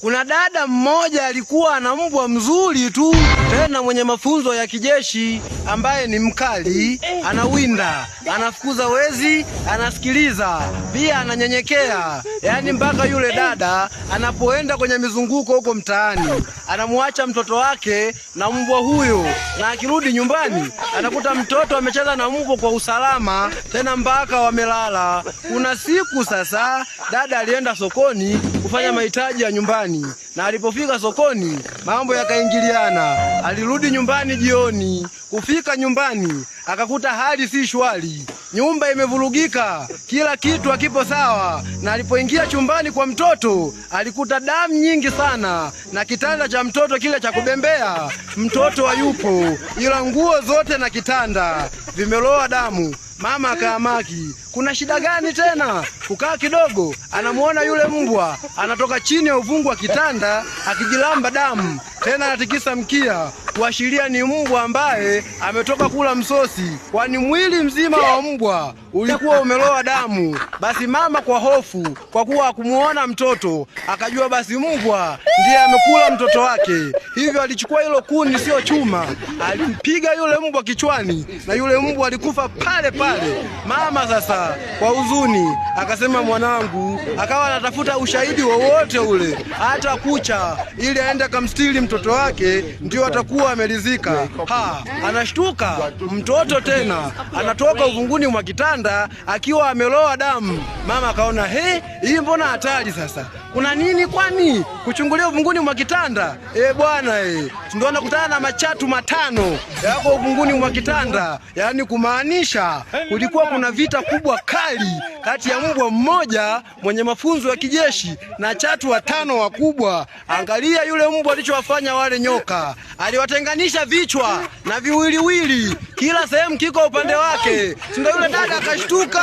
Kuna dada mmoja alikuwa ana mbwa mzuri tu tena mwenye mafunzo ya kijeshi, ambaye ni mkali, anawinda, anafukuza wezi, anasikiliza, pia ananyenyekea. Yaani mpaka yule dada anapoenda kwenye mizunguko huko mtaani, anamwacha mtoto wake na mbwa huyo, na akirudi nyumbani anakuta mtoto amecheza na mbwa kwa usalama, tena mpaka wamelala. Kuna siku sasa dada alienda sokoni kufanya mahitaji ya nyumbani nyumbani, na alipofika sokoni mambo yakaingiliana. Alirudi nyumbani jioni, kufika nyumbani akakuta hali si shwari, nyumba imevurugika, kila kitu hakipo sawa. Na alipoingia chumbani kwa mtoto alikuta damu nyingi sana, na kitanda cha mtoto kile cha kubembea, mtoto hayupo, ila nguo zote na kitanda vimeloa damu. Mama akaamaki kuna shida gani tena? Kukaa kidogo, anamwona yule mbwa anatoka chini ya uvungu wa kitanda akijilamba damu, tena anatikisa mkia kuashiria ni mbwa ambaye ametoka kula msosi, kwani mwili mzima wa mbwa ulikuwa umelowa damu. Basi mama kwa hofu, kwa kuwa akumuona mtoto, akajua basi mbwa ndiye amekula mtoto wake, hivyo alichukua hilo kuni, sio chuma, alimpiga yule mbwa kichwani, na yule mbwa alikufa pale pale. Mama sasa kwa huzuni, akasema mwanangu, akawa anatafuta ushahidi wowote ule, hata kucha, ili aende kamstili mtoto wake, ndio atakuwa amelizika. Ha, anashtuka mtoto tena, anatoka uvunguni mwa kitanda akiwa ameloa damu. Mama akaona he, hii mbona hatari sasa kuna nini kwani? Kuchungulia uvunguni mwa kitanda e, bwana e, ndio anakutana na machatu matano yako uvunguni mwa kitanda, yaani kumaanisha kulikuwa kuna vita kubwa kali kati ya mbwa mmoja mwenye mafunzo ya kijeshi na chatu watano wakubwa. Angalia yule mbwa alichowafanya wale nyoka, aliwatenganisha vichwa na viwiliwili, kila sehemu kiko upande wake. Ndio yule dada akashtuka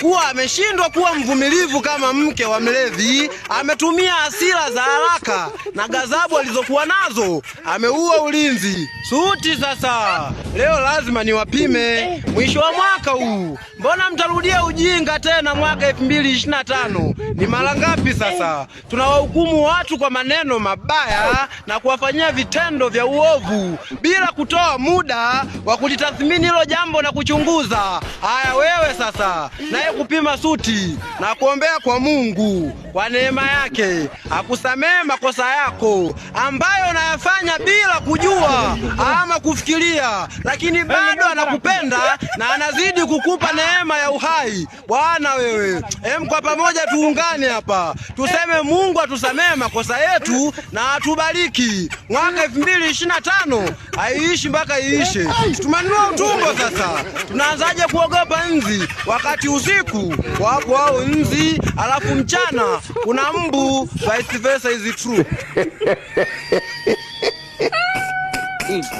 kuwa ameshindwa kuwa mvumilivu kama mke wa mlevi ame ametumia hasira za haraka na ghadhabu alizokuwa nazo, ameua ulinzi. Suti sasa, leo lazima niwapime mwisho wa mwaka huu. Mbona mtarudia ujinga tena mwaka 2025? Ni mara ngapi sasa tunawahukumu watu kwa maneno mabaya na kuwafanyia vitendo vya uovu bila kutoa muda wa kulitathmini hilo jambo na kuchunguza? Haya, wewe sasa naye kupima Suti na kuombea kwa Mungu kwa neema yake, akusamehe makosa yako ambayo unayafanya bila kujua ama anakufikiria lakini bado anakupenda na anazidi kukupa neema ya uhai. Bwana wewe, em, kwa pamoja tuungane hapa tuseme Mungu atusamehe makosa yetu na atubariki mwaka 2025 haiishi mpaka iishe. Tumenunua utumbo sasa, tunaanzaje kuogopa nzi wakati usiku wapo hao nzi, alafu mchana kuna mbu, vice versa is true.